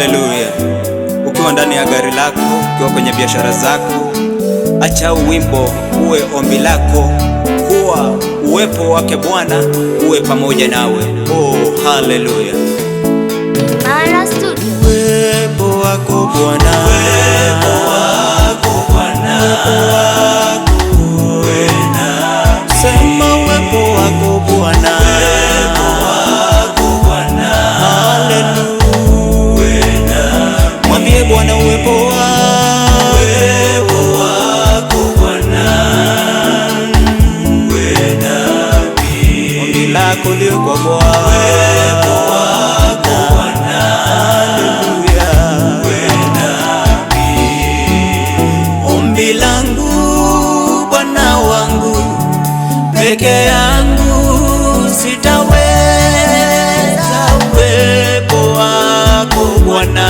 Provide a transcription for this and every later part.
Haleluya! Ukiwa ndani ya gari lako, ukiwa kwenye biashara zako, acha wimbo uwe ombi lako, kuwa uwepo wake Bwana uwe pamoja nawe. Oh, haleluya! Uwepo wako Bwana ila kuliko Bwana langu Bwana wangu peke yangu sitaweza, uwepo wako Bwana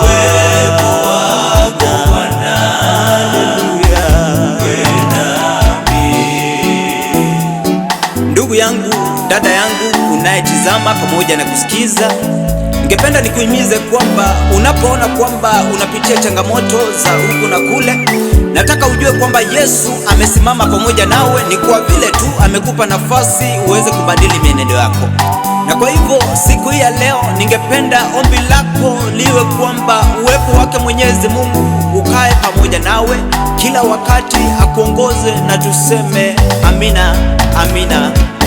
Dada yangu unayetizama pamoja na kusikiza, ningependa nikuhimize kwamba unapoona kwamba unapitia changamoto za huku na kule, nataka ujue kwamba Yesu amesimama pamoja nawe. Ni kwa vile tu amekupa nafasi uweze kubadili mienendo yako, na kwa hivyo siku hii ya leo ningependa ombi lako liwe kwamba uwepo wake Mwenyezi Mungu ukae pamoja nawe kila wakati, akuongoze na tuseme amina, amina.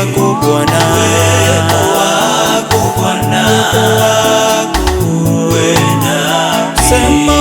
wako Bwana, wako Bwana, sema